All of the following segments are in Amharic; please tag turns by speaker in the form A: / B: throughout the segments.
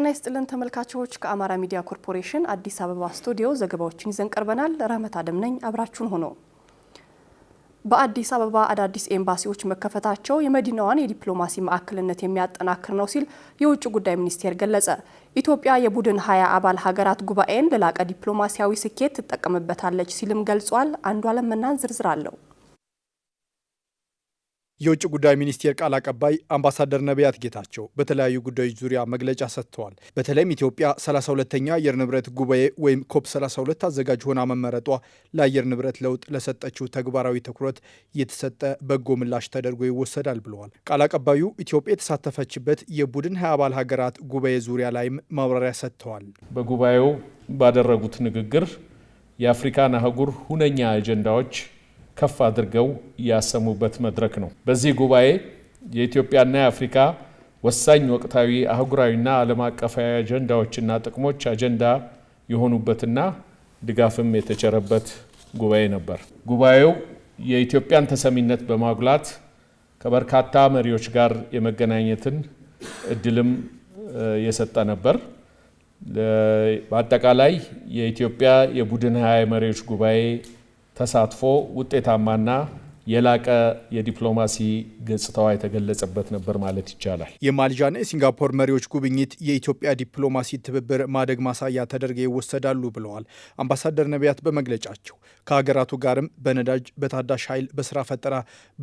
A: ጤና ይስጥልን ተመልካቾች፣ ከአማራ ሚዲያ ኮርፖሬሽን አዲስ አበባ ስቱዲዮ ዘገባዎችን ይዘን ቀርበናል። ረህመት አደም ነኝ፣ አብራችሁን ሆኖ በአዲስ አበባ አዳዲስ ኤምባሲዎች መከፈታቸው የመዲናዋን የዲፕሎማሲ ማዕከልነት የሚያጠናክር ነው ሲል የውጭ ጉዳይ ሚኒስቴር ገለጸ። ኢትዮጵያ የቡድን ሀያ አባል ሀገራት ጉባኤን ለላቀ ዲፕሎማሲያዊ ስኬት ትጠቀምበታለች ሲልም ገልጿል። አንዷለም መናን ዝርዝር አለው
B: የውጭ ጉዳይ ሚኒስቴር ቃል አቀባይ አምባሳደር ነቢያት ጌታቸው በተለያዩ ጉዳዮች ዙሪያ መግለጫ ሰጥተዋል። በተለይም ኢትዮጵያ 32ተኛ አየር ንብረት ጉባኤ ወይም ኮፕ 32 አዘጋጅ ሆና መመረጧ ለአየር ንብረት ለውጥ ለሰጠችው ተግባራዊ ትኩረት የተሰጠ በጎ ምላሽ ተደርጎ ይወሰዳል ብለዋል። ቃል አቀባዩ ኢትዮጵያ የተሳተፈችበት የቡድን ሀያ አባል ሀገራት ጉባኤ ዙሪያ ላይም ማብራሪያ ሰጥተዋል።
C: በጉባኤው ባደረጉት ንግግር የአፍሪካን አህጉር ሁነኛ አጀንዳዎች ከፍ አድርገው ያሰሙበት መድረክ ነው። በዚህ ጉባኤ የኢትዮጵያና የአፍሪካ ወሳኝ ወቅታዊ አህጉራዊና ዓለም አቀፋዊ አጀንዳዎችና ጥቅሞች አጀንዳ የሆኑበትና ድጋፍም የተቸረበት ጉባኤ ነበር። ጉባኤው የኢትዮጵያን ተሰሚነት በማጉላት ከበርካታ መሪዎች ጋር የመገናኘትን እድልም የሰጠ ነበር። በአጠቃላይ የኢትዮጵያ የቡድን ሀያ መሪዎች ጉባኤ ተሳትፎ ውጤታማና የላቀ የዲፕሎማሲ ገጽታዋ የተገለጸበት ነበር ማለት ይቻላል።
B: የማልዣና የሲንጋፖር መሪዎች ጉብኝት የኢትዮጵያ ዲፕሎማሲ ትብብር ማደግ ማሳያ ተደርገው ይወሰዳሉ ብለዋል አምባሳደር ነቢያት በመግለጫቸው። ከሀገራቱ ጋርም በነዳጅ፣ በታዳሽ ኃይል፣ በስራ ፈጠራ፣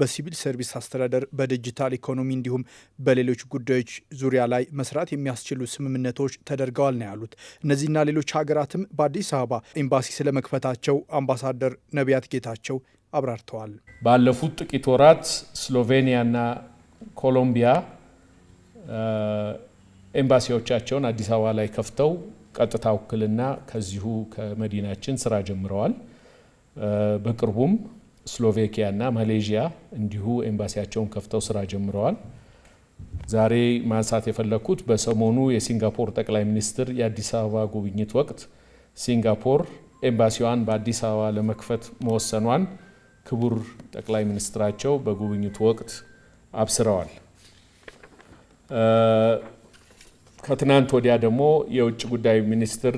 B: በሲቪል ሰርቪስ አስተዳደር፣ በዲጂታል ኢኮኖሚ እንዲሁም በሌሎች ጉዳዮች ዙሪያ ላይ መስራት የሚያስችሉ ስምምነቶች ተደርገዋል ነው ያሉት። እነዚህና ሌሎች ሀገራትም በአዲስ አበባ ኤምባሲ ስለመክፈታቸው አምባሳደር ነቢያት ጌታቸው አብራርተዋል።
C: ባለፉት ጥቂት ወራት ስሎቬኒያና ኮሎምቢያ ኤምባሲዎቻቸውን አዲስ አበባ ላይ ከፍተው ቀጥታ ውክልና ከዚሁ ከመዲናችን ስራ ጀምረዋል። በቅርቡም ስሎቬኪያና ማሌዥያ እንዲሁ ኤምባሲያቸውን ከፍተው ስራ ጀምረዋል። ዛሬ ማንሳት የፈለግኩት በሰሞኑ የሲንጋፖር ጠቅላይ ሚኒስትር የአዲስ አበባ ጉብኝት ወቅት ሲንጋፖር ኤምባሲዋን በአዲስ አበባ ለመክፈት መወሰኗን ክቡር ጠቅላይ ሚኒስትራቸው በጉብኝቱ ወቅት አብስረዋል። ከትናንት ወዲያ ደግሞ የውጭ ጉዳይ ሚኒስትር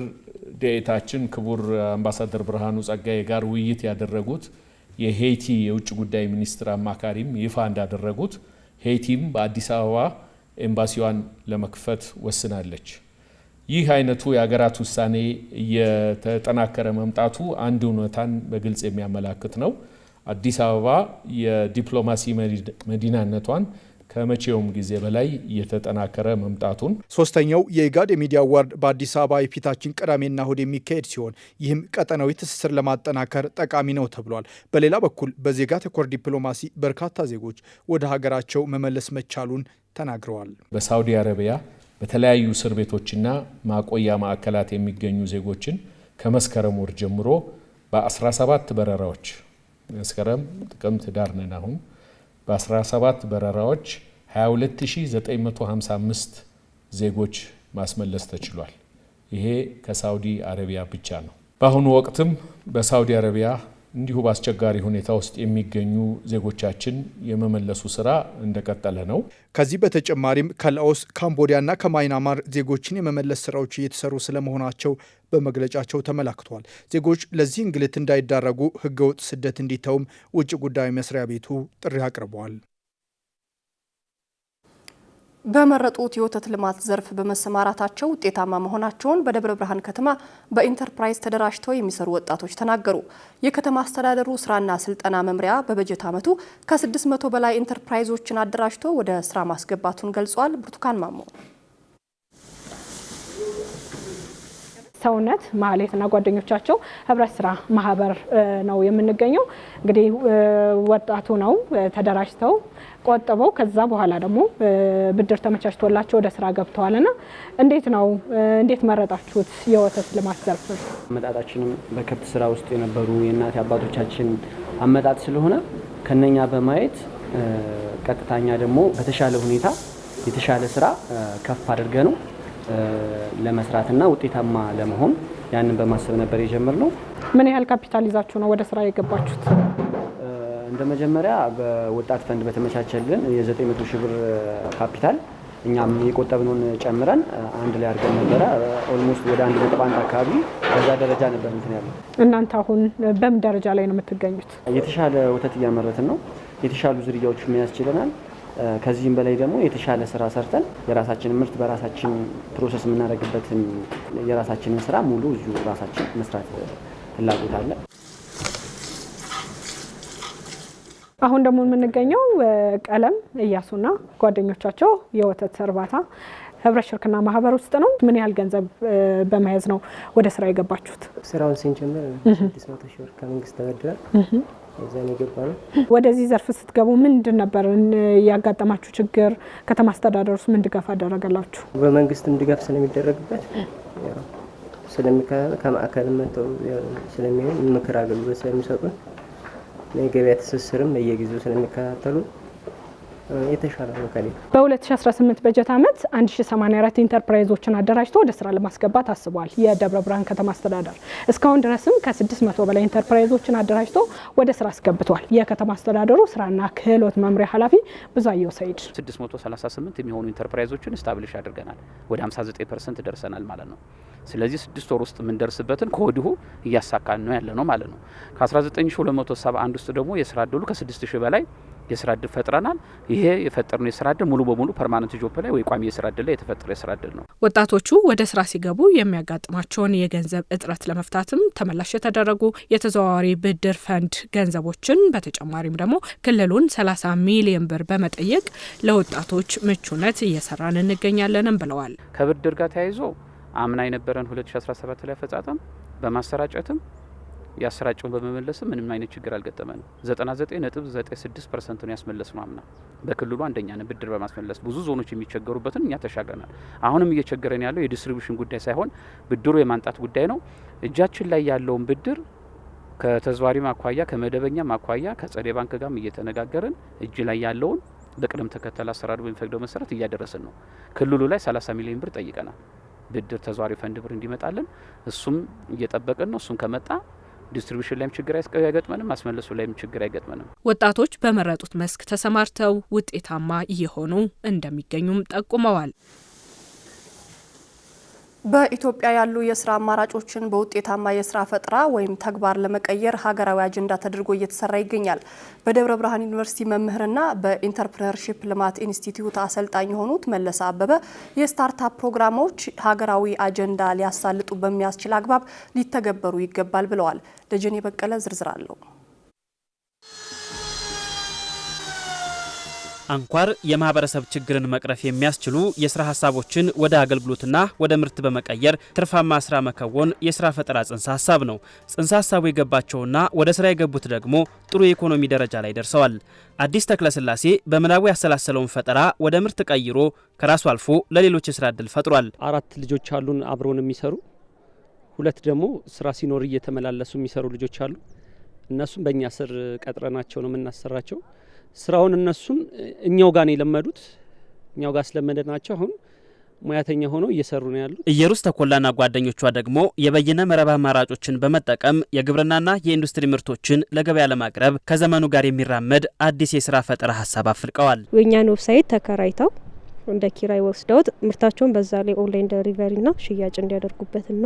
C: ዴኤታችን ክቡር አምባሳደር ብርሃኑ ጸጋዬ ጋር ውይይት ያደረጉት የሄይቲ የውጭ ጉዳይ ሚኒስትር አማካሪም ይፋ እንዳደረጉት ሄይቲም በአዲስ አበባ ኤምባሲዋን ለመክፈት ወስናለች። ይህ አይነቱ የሀገራት ውሳኔ እየተጠናከረ መምጣቱ አንድ እውነታን በግልጽ የሚያመላክት ነው። አዲስ አበባ የዲፕሎማሲ መዲናነቷን ከመቼውም ጊዜ በላይ እየተጠናከረ መምጣቱን።
B: ሶስተኛው የኢጋድ የሚዲያ አዋርድ በአዲስ አበባ የፊታችን ቅዳሜና እሁድ የሚካሄድ ሲሆን ይህም ቀጠናዊ ትስስር ለማጠናከር ጠቃሚ ነው ተብሏል። በሌላ በኩል በዜጋ ተኮር ዲፕሎማሲ በርካታ ዜጎች ወደ ሀገራቸው መመለስ መቻሉን ተናግረዋል።
C: በሳውዲ አረቢያ በተለያዩ እስር ቤቶችና ማቆያ ማዕከላት የሚገኙ ዜጎችን ከመስከረም ወር ጀምሮ በ17 በረራዎች መስከረም፣ ጥቅምት፣ ህዳር ነን አሁን በ17 በረራዎች 22955 ዜጎች ማስመለስ ተችሏል። ይሄ ከሳውዲ አረቢያ ብቻ ነው። በአሁኑ ወቅትም በሳውዲ አረቢያ እንዲሁ በአስቸጋሪ ሁኔታ ውስጥ የሚገኙ ዜጎቻችን የመመለሱ ስራ እንደቀጠለ ነው።
B: ከዚህ በተጨማሪም ከላኦስ ካምቦዲያና ከማይናማር ዜጎችን የመመለስ ስራዎች እየተሰሩ ስለመሆናቸው በመግለጫቸው ተመላክቷል። ዜጎች ለዚህ እንግልት እንዳይዳረጉ ህገወጥ ስደት እንዲተውም ውጭ ጉዳይ መስሪያ ቤቱ ጥሪ አቅርበዋል።
A: በመረጡት የወተት ልማት ዘርፍ በመሰማራታቸው ውጤታማ መሆናቸውን በደብረ ብርሃን ከተማ በኢንተርፕራይዝ ተደራጅተው የሚሰሩ ወጣቶች ተናገሩ። የከተማ አስተዳደሩ ስራና ስልጠና መምሪያ በበጀት ዓመቱ ከ600 በላይ ኢንተርፕራይዞችን አደራጅቶ ወደ ስራ ማስገባቱን ገልጿል። ብርቱካን ማሞ
D: ሰውነት ማህሌትና ጓደኞቻቸው ህብረት ስራ ማህበር ነው የምንገኘው። እንግዲህ ወጣቱ ነው ተደራጅተው ቆጥበው ከዛ በኋላ ደግሞ ብድር ተመቻችቶላቸው ወደ ስራ ገብተዋል። ና እንዴት ነው እንዴት መረጣችሁት የወተት ልማት ዘርፍ?
E: አመጣጣችንም በከብት ስራ ውስጥ የነበሩ የእናት አባቶቻችን አመጣጥ ስለሆነ ከነኛ በማየት ቀጥታኛ ደግሞ በተሻለ ሁኔታ የተሻለ ስራ ከፍ አድርገ ነው ለመስራትና ውጤታማ ለመሆን ያንን በማሰብ ነበር የጀመርነው።
D: ምን ያህል ካፒታል ይዛችሁ ነው ወደ ስራ የገባችሁት?
E: እንደ መጀመሪያ በወጣት ፈንድ በተመቻቸልን የ900 ሺህ ብር ካፒታል እኛም የቆጠብነውን ጨምረን አንድ ላይ አድርገን ነበረ። ኦልሞስት ወደ አንድ ነጥብ አንድ አካባቢ በዛ ደረጃ ነበር እንትን ያለው።
D: እናንተ አሁን በምን ደረጃ ላይ ነው የምትገኙት?
E: የተሻለ ወተት እያመረትን ነው። የተሻሉ ዝርያዎች መያዝ ችለናል። ከዚህም በላይ ደግሞ የተሻለ ስራ ሰርተን የራሳችን ምርት በራሳችን ፕሮሰስ የምናደርግበትን የራሳችንን ስራ ሙሉ እዚሁ ራሳችን መስራት ፍላጎት አለ።
D: አሁን ደግሞ የምንገኘው ቀለም እያሱና ጓደኞቻቸው የወተት እርባታ ህብረት ሽርክና ማህበር ውስጥ ነው። ምን ያህል ገንዘብ በመያዝ ነው ወደ ስራ የገባችሁት?
E: ስራውን ስንጀምር ስድስት መቶ ሺህ ብር ከመንግስት ተበድረን
D: እዛን የገባ ነው። ወደዚህ ዘርፍ ስትገቡ ምንድን ነበር ያጋጠማችሁ ችግር? ከተማ አስተዳደሩስ ምን ድጋፍ አደረገላችሁ?
E: በመንግስትም ድጋፍ ስለሚደረግበት ስለሚከ ከማዕከል መጥተው ስለሚሆን ምክር አገልግሎት ስለሚሰጡን የገበያ ትስስርም በየጊዜው ስለሚከታተሉ የተሻለ ነው በ
A: በ2018 በጀት ዓመት 1084 ኢንተርፕራይዞችን አደራጅቶ ወደ ስራ ለማስገባት አስቧል የደብረ ብርሃን ከተማ አስተዳደር። እስካሁን ድረስም ከ600 በላይ ኢንተርፕራይዞችን አደራጅቶ ወደ ስራ አስገብቷል። የከተማ አስተዳደሩ ስራና ክህሎት መምሪያ ኃላፊ ብዙአየሁ ሰይድ
F: 638 የሚሆኑ ኢንተርፕራይዞችን ስታብሊሽ አድርገናል። ወደ 59 ፐርሰንት ደርሰናል ማለት ነው። ስለዚህ ስድስት ወር ውስጥ የምንደርስበትን ከወዲሁ እያሳካን ነው ያለ ነው ማለት ነው። ከ19271 ውስጥ ደግሞ የስራ እድሉ ከ6000 በላይ የስራ እድል ፈጥረናል። ይሄ የፈጠርነው የስራ እድል ሙሉ በሙሉ ፐርማነንት ጆፕ ላይ ወይ ቋሚ የስራ እድል ላይ የተፈጠረ የስራ እድል ነው።
A: ወጣቶቹ ወደ ስራ ሲገቡ የሚያጋጥማቸውን የገንዘብ እጥረት ለመፍታትም ተመላሽ የተደረጉ የተዘዋዋሪ ብድር ፈንድ ገንዘቦችን በተጨማሪም ደግሞ ክልሉን 30 ሚሊዮን ብር በመጠየቅ ለወጣቶች ምቹነት እየሰራን እንገኛለንም ብለዋል።
F: ከብድር ጋር ተያይዞ አምና የነበረን 2017 ላይ አፈጻጸም በማሰራጨትም የአሰራጨውን በመመለስም ምንም አይነት ችግር አልገጠመ ነው። 99.96 ፐርሰንት ነው ያስመለስ ነው። አምና በክልሉ አንደኛ ነን ብድር በማስመለስ ብዙ ዞኖች የሚቸገሩበትን እኛ ተሻግረናል። አሁንም እየቸገረን ያለው የዲስትሪቢሽን ጉዳይ ሳይሆን ብድሩ የማንጣት ጉዳይ ነው። እጃችን ላይ ያለውን ብድር ከተዘዋሪ ማኳያ ከመደበኛ ማኳያ ከጸደይ ባንክ ጋር እየተነጋገርን እጅ ላይ ያለውን በቅደም ተከተል አሰራሩ በሚፈቅደው መሰረት እያደረስን ነው። ክልሉ ላይ 30 ሚሊዮን ብር ጠይቀናል። ብድር ተዘዋሪ ፈንድ ብር እንዲመጣልን እሱም እየጠበቅን ነው። እሱም ከመጣ ዲስትሪቢሽን ላይም ችግር አይገጥመንም፣ አስመልሶ ላይም ችግር አይገጥመንም።
A: ወጣቶች በመረጡት መስክ ተሰማርተው ውጤታማ እየሆኑ እንደሚገኙም ጠቁመዋል። በኢትዮጵያ ያሉ የስራ አማራጮችን በውጤታማ የስራ ፈጠራ ወይም ተግባር ለመቀየር ሀገራዊ አጀንዳ ተደርጎ እየተሰራ ይገኛል። በደብረ ብርሃን ዩኒቨርሲቲ መምህርና በኢንተርፕረነርሺፕ ልማት ኢንስቲትዩት አሰልጣኝ የሆኑት መለሰ አበበ የስታርታፕ ፕሮግራሞች ሀገራዊ አጀንዳ ሊያሳልጡ በሚያስችል አግባብ ሊተገበሩ ይገባል ብለዋል። ደጀኔ በቀለ ዝርዝር አለው።
G: አንኳር የማህበረሰብ ችግርን መቅረፍ የሚያስችሉ የስራ ሀሳቦችን ወደ አገልግሎትና ወደ ምርት በመቀየር ትርፋማ ስራ መከወን የስራ ፈጠራ ጽንሰ ሀሳብ ነው። ጽንሰ ሀሳቡ የገባቸውና ወደ ስራ የገቡት ደግሞ ጥሩ የኢኮኖሚ ደረጃ ላይ ደርሰዋል። አዲስ ተክለስላሴ በምናቡ ያሰላሰለውን ፈጠራ ወደ ምርት ቀይሮ ከራሱ አልፎ ለሌሎች የስራ እድል ፈጥሯል።
H: አራት ልጆች አሉን አብረውን የሚሰሩ ሁለት ደግሞ ስራ ሲኖር እየተመላለሱ የሚሰሩ ልጆች አሉ። እነሱም በእኛ ስር ቀጥረናቸው ነው የምናሰራቸው። ስራውን እነሱን እኛው ጋር ነው የለመዱት፣ እኛው ጋር ስለመደ ናቸው አሁን ሙያተኛ ሆነው እየሰሩ ነው ያሉት።
G: እየሩስ ተኮላና ጓደኞቿ ደግሞ የበይነ መረብ አማራጮችን በመጠቀም የግብርናና የኢንዱስትሪ ምርቶችን ለገበያ ለማቅረብ ከዘመኑ ጋር የሚራመድ አዲስ የስራ ፈጠራ ሀሳብ አፍልቀዋል።
I: የእኛን ዌብሳይት ተከራይተው እንደ ኪራይ ወስደውት ምርታቸውን በዛ ላይ ኦንላይን ደሪቨሪና ሽያጭ እንዲያደርጉበትና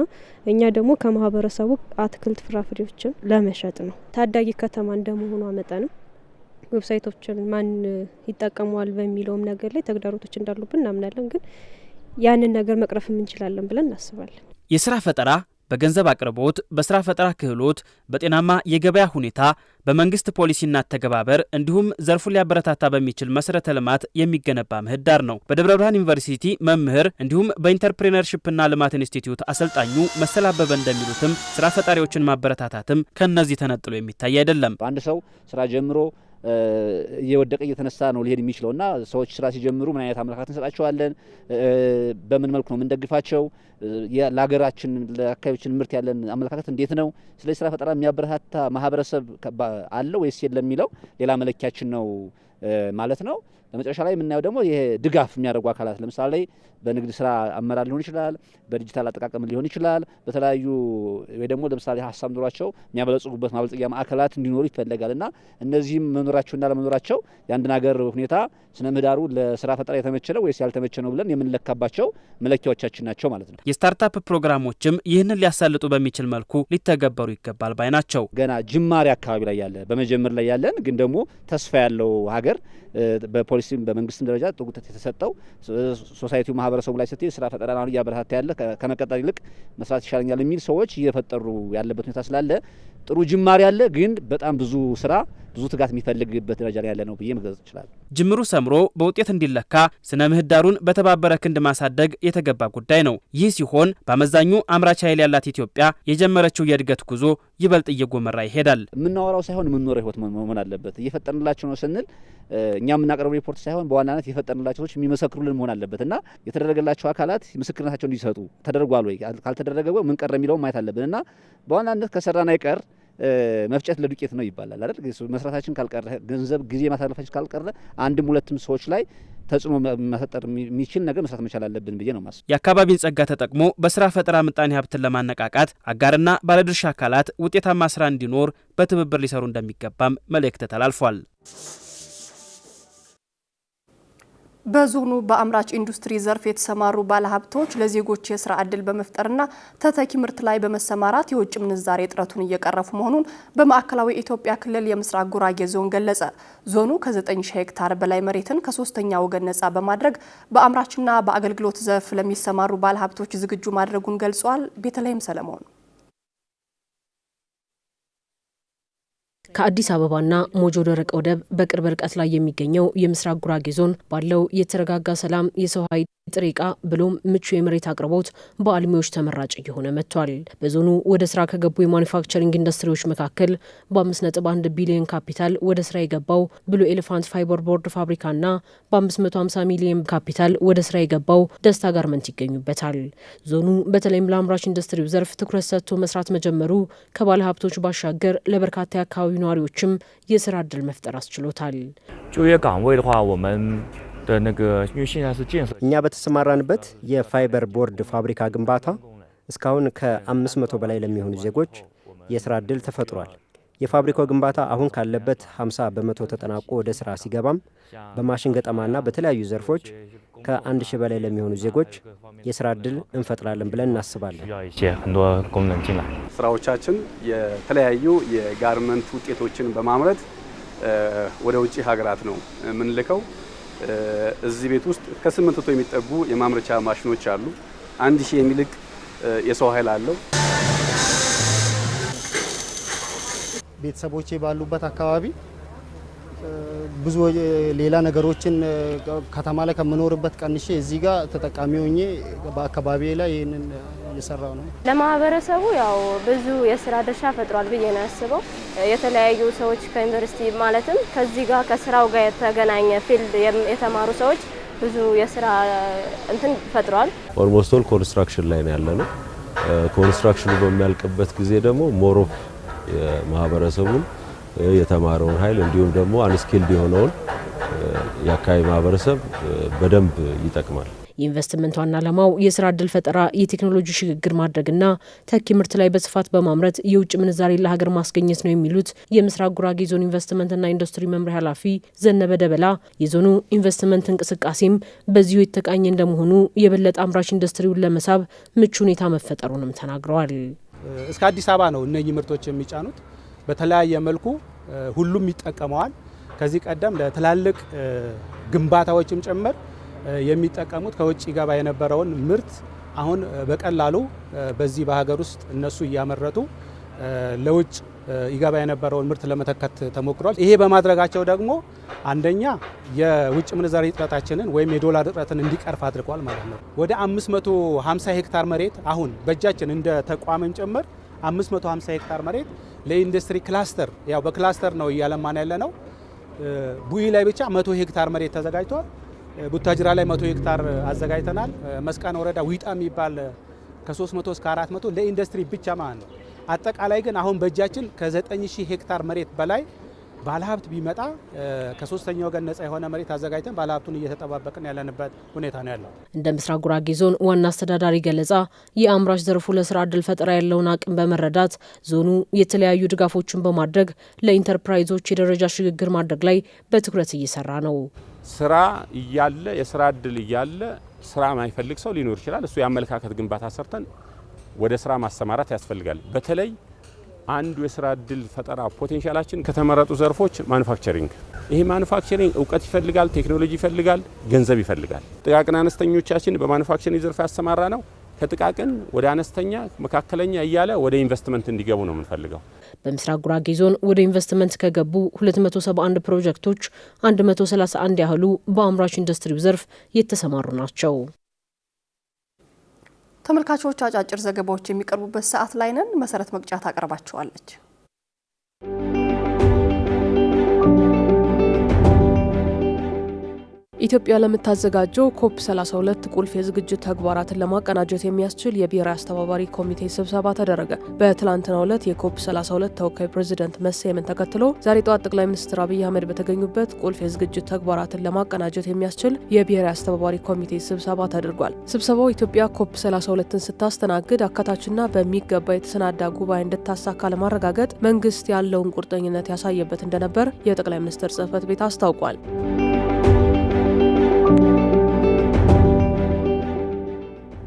I: እኛ ደግሞ ከማህበረሰቡ አትክልት ፍራፍሬዎችን ለመሸጥ ነው። ታዳጊ ከተማ እንደመሆኗ መጠንም ዌብሳይቶችን ማን ይጠቀመዋል በሚለውም ነገር ላይ ተግዳሮቶች እንዳሉብን እናምናለን። ግን ያንን ነገር መቅረፍም እንችላለን ብለን እናስባለን።
G: የስራ ፈጠራ በገንዘብ አቅርቦት፣ በስራ ፈጠራ ክህሎት፣ በጤናማ የገበያ ሁኔታ፣ በመንግስት ፖሊሲና አተገባበር እንዲሁም ዘርፉን ሊያበረታታ በሚችል መሰረተ ልማት የሚገነባ ምህዳር ነው። በደብረ ብርሃን ዩኒቨርሲቲ መምህር እንዲሁም በኢንተርፕሬነርሽፕና ልማት ኢንስቲትዩት አሰልጣኙ መሰል አበበ እንደሚሉትም ስራ ፈጣሪዎችን ማበረታታትም ከእነዚህ ተነጥሎ የሚታይ አይደለም።
F: አንድ ሰው ስራ ጀምሮ እየወደቀ እየተነሳ ነው ሊሄድ የሚችለው እና ሰዎች ስራ ሲጀምሩ ምን አይነት አመለካከት እንሰጣቸዋለን? በምን መልኩ ነው የምንደግፋቸው? ለሀገራችን ለአካባቢዎችን ምርት ያለን አመለካከት እንዴት ነው? ስለዚህ ስራ ፈጠራ የሚያበረታታ ማህበረሰብ አለ ወይስ የለም የሚለው ሌላ መለኪያችን ነው ማለት ነው። በመጨረሻ ላይ የምናየው ደግሞ ይሄ ድጋፍ የሚያደርጉ አካላት ለምሳሌ በንግድ ስራ አመራር ሊሆን ይችላል፣ በዲጂታል አጠቃቀም ሊሆን ይችላል፣ በተለያዩ ወይ ደግሞ ለምሳሌ ሀሳብ ኑሯቸው የሚያበለጽጉበት ማበልጸጊያ ማዕከላት እንዲኖሩ ይፈለጋል እና እነዚህም መኖራቸውና ለመኖራቸው የአንድን ሀገር ሁኔታ ስነ ምህዳሩ ለስራ ፈጠራ የተመቸ ነው ወይስ ያልተመቸ ነው ብለን የምንለካባቸው መለኪያዎቻችን ናቸው ማለት ነው።
G: የስታርታፕ ፕሮግራሞችም ይህንን ሊያሳልጡ በሚችል መልኩ ሊተገበሩ ይገባል ባይ ናቸው።
F: ገና ጅማሬ አካባቢ ላይ ያለ በመጀመር ላይ ያለን ግን ደግሞ ተስፋ ያለው ሀገር በፖሊ በፖሊሲም በመንግስትም ደረጃ ጥሩ ትኩረት የተሰጠው ሶሳይቲው ማህበረሰቡ ላይ ስትሄድ ስራ ፈጠራ አሁን እያበረታታ ያለ ከመቀጠር ይልቅ መስራት ይሻለኛል የሚል ሰዎች እየፈጠሩ ያለበት ሁኔታ ስላለ ጥሩ ጅማሬ አለ። ግን በጣም ብዙ ስራ ብዙ ትጋት የሚፈልግበት ደረጃ ላይ ያለ ነው ብዬ መግለጽ ይችላል።
G: ጅምሩ ሰምሮ በውጤት እንዲለካ ስነ ምህዳሩን በተባበረ ክንድ ማሳደግ የተገባ ጉዳይ ነው። ይህ ሲሆን በአመዛኙ አምራች ኃይል ያላት ኢትዮጵያ የጀመረችው የእድገት ጉዞ ይበልጥ እየጎመራ ይሄዳል።
F: የምናወራው ሳይሆን የምንኖረው ህይወት መሆን አለበት። እየፈጠንላቸው ነው ስንል እኛ የምናቀርበው ሪፖርት ሳይሆን በዋናነት የፈጠንላቸው ሰዎች የሚመሰክሩልን መሆን አለበት እና የተደረገላቸው አካላት ምስክርነታቸው እንዲሰጡ ተደርጓል ወይ ካልተደረገ ምን ቀረ ማየት አለብን እና በዋናነት ከሰራን አይቀር መፍጨት ለዱቄት ነው ይባላል አይደል? መስራታችን ካልቀረ ገንዘብ ጊዜ ማሳለፋችን ካልቀረ አንድም ሁለትም ሰዎች ላይ ተጽዕኖ መፈጠር የሚችል ነገር መስራት መቻል አለብን ብዬ ነው ማስ
G: የአካባቢን ጸጋ ተጠቅሞ በስራ ፈጠራ ምጣኔ ሀብትን ለማነቃቃት አጋርና ባለድርሻ አካላት ውጤታማ ስራ እንዲኖር በትብብር ሊሰሩ እንደሚገባም መልእክት ተላልፏል።
A: በዞኑ በአምራች ኢንዱስትሪ ዘርፍ የተሰማሩ ባለሀብቶች ለዜጎች የስራ እድል በመፍጠርና ተተኪ ምርት ላይ በመሰማራት የውጭ ምንዛሬ እጥረቱን እየቀረፉ መሆኑን በማዕከላዊ ኢትዮጵያ ክልል የምስራቅ ጉራጌ ዞን ገለጸ። ዞኑ ከ 9000 ሄክታር በላይ መሬትን ከሶስተኛ ወገን ነጻ በማድረግ በአምራችና በአገልግሎት ዘርፍ ለሚሰማሩ ባለሀብቶች ዝግጁ ማድረጉን ገልጿል። ቤተልሔም ሰለሞን ከአዲስ አበባና ሞጆ ደረቅ ወደብ በቅርብ ርቀት ላይ የሚገኘው የምስራቅ ጉራጌ ዞን ባለው የተረጋጋ ሰላም የሰው ኃይል ጥሬ እቃ ብሎም ምቹ የመሬት አቅርቦት በአልሚዎች ተመራጭ እየሆነ መጥቷል። በዞኑ ወደ ስራ ከገቡ የማኒፋክቸሪንግ ኢንዱስትሪዎች መካከል በ 51 ቢሊዮን ካፒታል ወደ ስራ የገባው ብሉ ኤሌፋንት ፋይበር ቦርድ ፋብሪካና በ550 ሚሊዮን ካፒታል ወደ ስራ የገባው ደስታ ጋርመንት ይገኙበታል። ዞኑ በተለይም ለአምራች ኢንዱስትሪው ዘርፍ ትኩረት ሰጥቶ መስራት መጀመሩ ከባለ ሀብቶች ባሻገር ለበርካታ የአካባቢው ነዋሪዎችም የስራ እድል መፍጠር አስችሎታል።
E: እኛ በተሰማራንበት የፋይበር ቦርድ ፋብሪካ ግንባታ እስካሁን ከ500 በላይ ለሚሆኑ ዜጎች የስራ ዕድል ተፈጥሯል። የፋብሪካው ግንባታ አሁን ካለበት 50 በመቶ ተጠናቆ ወደ ስራ ሲገባም በማሽን ገጠማና በተለያዩ ዘርፎች ከ1000 በላይ ለሚሆኑ ዜጎች የስራ ዕድል እንፈጥራለን ብለን እናስባለን።
C: ስራዎቻችን የተለያዩ የጋርመንት ውጤቶችን በማምረት ወደ ውጭ ሀገራት ነው የምንልከው። እዚህ ቤት ውስጥ ከስምንት መቶ የሚጠጉ የማምረቻ ማሽኖች አሉ። አንድ ሺህ የሚልቅ የሰው ኃይል አለው።
H: ቤተሰቦቼ ባሉበት አካባቢ ብዙ ሌላ ነገሮችን ከተማ ላይ ከምኖርበት ቀንሼ እዚህ ጋር ተጠቃሚ ሆኜ በአካባቢ ላይ ይህንን እየሰራው ነው።
J: ለማህበረሰቡ ያው ብዙ የስራ ድርሻ ፈጥሯል ብዬ ነው ያስበው። የተለያዩ ሰዎች ከዩኒቨርሲቲ ማለትም ከዚህ ጋር ከስራው ጋር የተገናኘ ፊልድ የተማሩ ሰዎች ብዙ የስራ እንትን ፈጥሯል።
K: ኦልሞስት ኦል ኮንስትራክሽን ላይ ነው ያለ ነው። ኮንስትራክሽኑ በሚያልቅበት ጊዜ ደግሞ ሞሮፍ የማህበረሰቡን የተማረውን ኃይል እንዲሁም ደግሞ አንስኪልድ የሆነውን የአካባቢ ማህበረሰብ በደንብ ይጠቅማል።
A: የኢንቨስትመንት ዋና ዓላማው የስራ እድል ፈጠራ፣ የቴክኖሎጂ ሽግግር ማድረግና ተኪ ምርት ላይ በስፋት በማምረት የውጭ ምንዛሬ ለሀገር ማስገኘት ነው የሚሉት የምስራቅ ጉራጌ ዞን ኢንቨስትመንትና ኢንዱስትሪ መምሪያ ኃላፊ ዘነበ ደበላ፣ የዞኑ ኢንቨስትመንት እንቅስቃሴም በዚሁ የተቃኘ እንደመሆኑ የበለጠ አምራች ኢንዱስትሪውን ለመሳብ ምቹ ሁኔታ መፈጠሩንም ተናግረዋል።
H: እስከ አዲስ አበባ ነው እነኚህ ምርቶች የሚጫኑት። በተለያየ መልኩ ሁሉም ይጠቀመዋል። ከዚህ ቀደም ለትላልቅ ግንባታዎችም ጭምር የሚጠቀሙት ከውጭ ገባ የነበረውን ምርት አሁን በቀላሉ በዚህ በሀገር ውስጥ እነሱ እያመረቱ ለውጭ ይገባ የነበረውን ምርት ለመተከት ተሞክሯል። ይሄ በማድረጋቸው ደግሞ አንደኛ የውጭ ምንዛሪ እጥረታችንን ወይም የዶላር እጥረትን እንዲቀርፍ አድርጓል ማለት ነው። ወደ 550 ሄክታር መሬት አሁን በእጃችን እንደ ተቋምም ጭምር 550 ሄክታር መሬት ለኢንዱስትሪ ክላስተር ያው በክላስተር ነው እያለማን ያለ ነው። ቡይ ላይ ብቻ መቶ ሄክታር መሬት ተዘጋጅቷል። ቡታጅራ ላይ መቶ ሄክታር አዘጋጅተናል። መስቃን ወረዳ ዊጣ የሚባል ከ300 እስከ 400 ለኢንዱስትሪ ብቻ ማለት ነው። አጠቃላይ ግን አሁን በእጃችን ከ9000 ሄክታር መሬት በላይ ባለሀብት ቢመጣ ከሶስተኛ ወገን ነጻ የሆነ መሬት አዘጋጅተን ባለሀብቱን እየተጠባበቅን ያለንበት ሁኔታ ነው ያለው።
A: እንደ ምስራቅ ጉራጌ ዞን ዋና አስተዳዳሪ ገለጻ የአምራች ዘርፉ ለስራ እድል ፈጠራ ያለውን አቅም በመረዳት ዞኑ የተለያዩ ድጋፎችን በማድረግ ለኢንተርፕራይዞች የደረጃ ሽግግር ማድረግ ላይ በትኩረት እየሰራ ነው።
F: ስራ እያለ የስራ እድል እያለ ስራ ማይፈልግ ሰው ሊኖር ይችላል። እሱ የአመለካከት ግንባታ ሰርተን ወደ ስራ ማሰማራት ያስፈልጋል። በተለይ አንዱ የስራ እድል ፈጠራ ፖቴንሻላችን ከተመረጡ ዘርፎች ማኑፋክቸሪንግ፣ ይሄ ማኑፋክቸሪንግ እውቀት ይፈልጋል፣ ቴክኖሎጂ ይፈልጋል፣ ገንዘብ ይፈልጋል። ጥቃቅን አነስተኞቻችን በማኑፋክቸሪንግ ዘርፍ ያሰማራ ነው። ከጥቃቅን ወደ አነስተኛ መካከለኛ እያለ ወደ ኢንቨስትመንት እንዲገቡ ነው የምንፈልገው።
A: በምስራቅ ጉራጌ ዞን ወደ ኢንቨስትመንት ከገቡ 271 ፕሮጀክቶች 131 ያህሉ በአምራች ኢንዱስትሪው ዘርፍ የተሰማሩ ናቸው። ተመልካቾች አጫጭር ዘገባዎች የሚቀርቡበት ሰዓት ላይ ነን። መሰረት መቅጫት አቀርባቸዋለች። ኢትዮጵያ ለምታዘጋጀው ኮፕ 32 ቁልፍ የዝግጅት ተግባራትን ለማቀናጀት የሚያስችል የብሔራዊ አስተባባሪ ኮሚቴ ስብሰባ ተደረገ። በትላንትናው ዕለት የኮፕ 32 ተወካይ ፕሬዚደንት መሰየምን ተከትሎ ዛሬ ጠዋት ጠቅላይ ሚኒስትር አብይ አህመድ በተገኙበት ቁልፍ የዝግጅት ተግባራትን ለማቀናጀት የሚያስችል የብሔራዊ አስተባባሪ ኮሚቴ ስብሰባ ተደርጓል። ስብሰባው ኢትዮጵያ ኮፕ 32ን ስታስተናግድ አካታችና በሚገባ የተሰናዳ ጉባኤ እንድታሳካ ለማረጋገጥ መንግስት ያለውን ቁርጠኝነት ያሳየበት እንደነበር የጠቅላይ ሚኒስትር ጽህፈት ቤት አስታውቋል።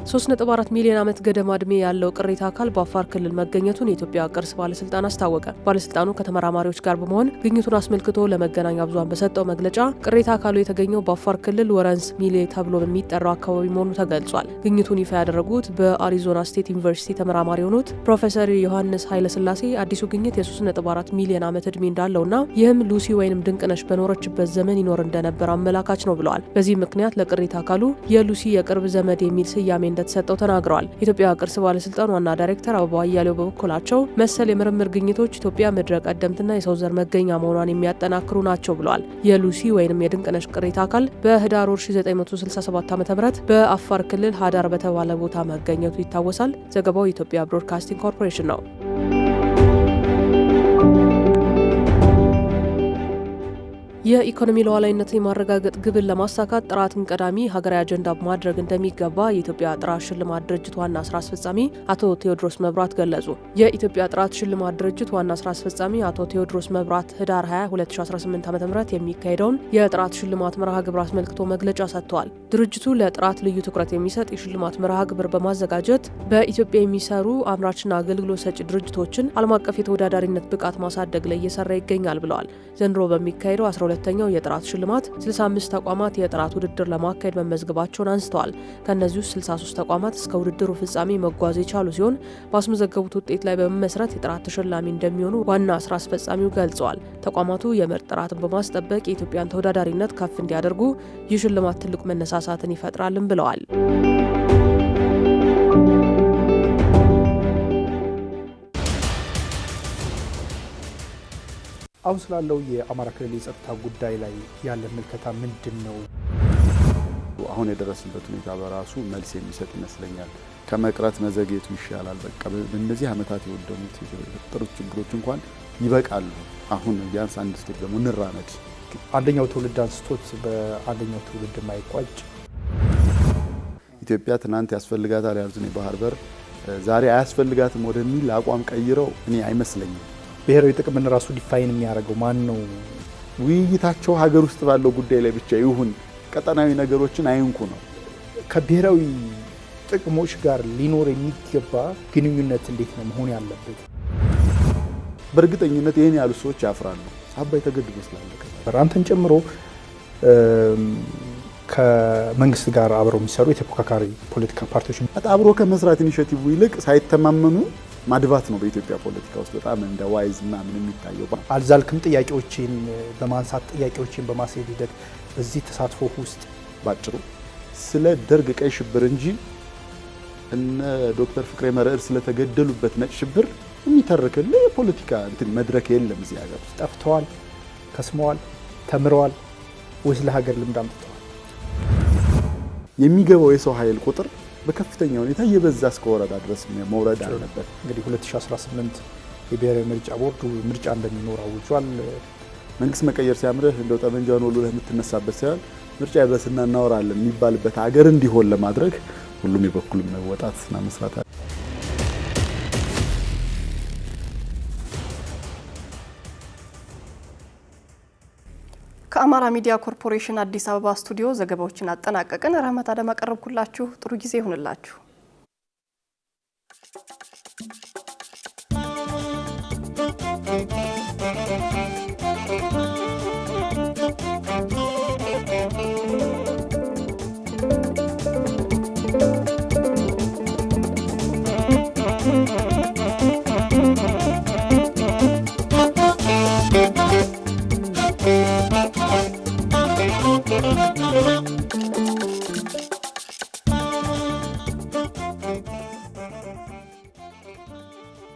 A: 3.4 ሚሊዮን ዓመት ገደማ ዕድሜ ያለው ቅሪተ አካል በአፋር ክልል መገኘቱን የኢትዮጵያ ቅርስ ባለስልጣን አስታወቀ። ባለስልጣኑ ከተመራማሪዎች ጋር በመሆን ግኝቱን አስመልክቶ ለመገናኛ ብዙሃን በሰጠው መግለጫ ቅሪተ አካሉ የተገኘው በአፋር ክልል ወረንስ ሚሌ ተብሎ በሚጠራው አካባቢ መሆኑ ተገልጿል። ግኝቱን ይፋ ያደረጉት በአሪዞና ስቴት ዩኒቨርሲቲ ተመራማሪ የሆኑት ፕሮፌሰር ዮሐንስ ኃይለስላሴ አዲሱ ግኝት የ3.4 ሚሊዮን ዓመት ዕድሜ እንዳለውና ይህም ሉሲ ወይንም ድንቅነሽ በኖረችበት ዘመን ይኖር እንደነበር አመላካች ነው ብለዋል። በዚህ ምክንያት ለቅሪተ አካሉ የሉሲ የቅርብ ዘመድ የሚል ስያሜ እንደተሰጠው ተናግረዋል። ኢትዮጵያ ቅርስ ባለስልጣን ዋና ዳይሬክተር አበባ አያሌው በበኩላቸው መሰል የምርምር ግኝቶች ኢትዮጵያ ምድረ ቀደምትና የሰው ዘር መገኛ መሆኗን የሚያጠናክሩ ናቸው ብለዋል። የሉሲ ወይም የድንቅነሽ ቅሪተ አካል በህዳር 1967 ዓ ም በአፋር ክልል ሀዳር በተባለ ቦታ መገኘቱ ይታወሳል። ዘገባው የኢትዮጵያ ብሮድካስቲንግ ኮርፖሬሽን ነው። የኢኮኖሚ ሉዓላዊነትን የማረጋገጥ ግብን ለማሳካት ጥራትን ቀዳሚ ሀገራዊ አጀንዳ ማድረግ እንደሚገባ የኢትዮጵያ ጥራት ሽልማት ድርጅት ዋና ስራ አስፈጻሚ አቶ ቴዎድሮስ መብራት ገለጹ። የኢትዮጵያ ጥራት ሽልማት ድርጅት ዋና ስራ አስፈጻሚ አቶ ቴዎድሮስ መብራት ህዳር 20 2018 ዓ ም የሚካሄደውን የጥራት ሽልማት መርሃ ግብር አስመልክቶ መግለጫ ሰጥተዋል። ድርጅቱ ለጥራት ልዩ ትኩረት የሚሰጥ የሽልማት መርሃ ግብር በማዘጋጀት በኢትዮጵያ የሚሰሩ አምራችና አገልግሎት ሰጪ ድርጅቶችን ዓለም አቀፍ የተወዳዳሪነት ብቃት ማሳደግ ላይ እየሰራ ይገኛል ብለዋል። ዘንድሮ በሚካሄደው ሁለተኛው የጥራት ሽልማት 65 ተቋማት የጥራት ውድድር ለማካሄድ መመዝገባቸውን አንስተዋል። ከእነዚህ ውስጥ 63 ተቋማት እስከ ውድድሩ ፍጻሜ መጓዝ የቻሉ ሲሆን ባስመዘገቡት ውጤት ላይ በመመስረት የጥራት ተሸላሚ እንደሚሆኑ ዋና ስራ አስፈጻሚው ገልጸዋል። ተቋማቱ የምርት ጥራትን በማስጠበቅ የኢትዮጵያን ተወዳዳሪነት ከፍ እንዲያደርጉ ይህ ሽልማት ትልቅ መነሳሳትን ይፈጥራልም ብለዋል።
H: አሁን ስላለው የአማራ ክልል የጸጥታ ጉዳይ ላይ ያለ ምልከታ ምንድን ነው?
L: አሁን የደረስንበት ሁኔታ በራሱ መልስ የሚሰጥ ይመስለኛል። ከመቅረት መዘግየቱ ይሻላል። በቃ እነዚህ ዓመታት የወደሙት የተፈጠሩት ችግሮች እንኳን ይበቃሉ። አሁን ቢያንስ አንድ ስቴፕ ደግሞ እንራመድ።
H: አንደኛው ትውልድ አንስቶት በአንደኛው ትውልድ ማይቋጭ
L: ኢትዮጵያ ትናንት ያስፈልጋታል ያሉትን የባህር በር ዛሬ አያስፈልጋትም ወደሚል አቋም ቀይረው እኔ አይመስለኝም
H: ብሔራዊ ጥቅምን ራሱ ዲፋይን የሚያደርገው ማን ነው?
L: ውይይታቸው ሀገር ውስጥ ባለው ጉዳይ ላይ ብቻ ይሁን፣ ቀጠናዊ ነገሮችን አይንኩ ነው።
H: ከብሔራዊ ጥቅሞች ጋር ሊኖር የሚገባ ግንኙነት እንዴት ነው መሆን ያለበት?
L: በእርግጠኝነት ይህን ያሉ ሰዎች ያፍራሉ። አባይ ተገድቦ ስላለቀ
H: አንተን ጨምሮ ከመንግስት ጋር አብረው የሚሰሩ የተፎካካሪ ፖለቲካ ፓርቲዎች
L: አብሮ ከመስራት ኢኒሽቲቭ ይልቅ ሳይተማመኑ ማድባት ነው በኢትዮጵያ ፖለቲካ ውስጥ በጣም እንደ ዋይዝ እና ምን የሚታየው
H: አልዛልክም ጥያቄዎችን በማንሳት ጥያቄዎችን በማስሄድ ሂደት በዚህ ተሳትፎ ውስጥ
L: ባጭሩ ስለ ደርግ ቀይ ሽብር እንጂ እነ ዶክተር ፍቅሬ መርዕድ ስለተገደሉበት ነጭ ሽብር የሚተርክል የፖለቲካ እንትን መድረክ የለም እዚህ ሀገር ውስጥ።
H: ጠፍተዋል፣ ከስመዋል፣ ተምረዋል ወይስ ለሀገር ልምድ አምጥተዋል?
L: የሚገባው የሰው ኃይል ቁጥር በከፍተኛ ሁኔታ የበዛ እስከ ወረዳ ድረስ መውረድ አለበት።
H: እንግዲህ 2018 የብሔራዊ ምርጫ ቦርዱ ምርጫ እንደሚኖር አውጇል።
L: መንግስት መቀየር ሲያምርህ እንደው ጠመንጃውን ወሎ የምትነሳበት ሳይሆን ምርጫ ይድረስና እናወራለን የሚባልበት አገር እንዲሆን ለማድረግ ሁሉም የበኩል መወጣትና መስራት አለ።
A: ከአማራ ሚዲያ ኮርፖሬሽን አዲስ አበባ ስቱዲዮ ዘገባዎችን አጠናቀቅን። ረህመት አደም አቀረብኩላችሁ። ጥሩ ጊዜ ይሁንላችሁ።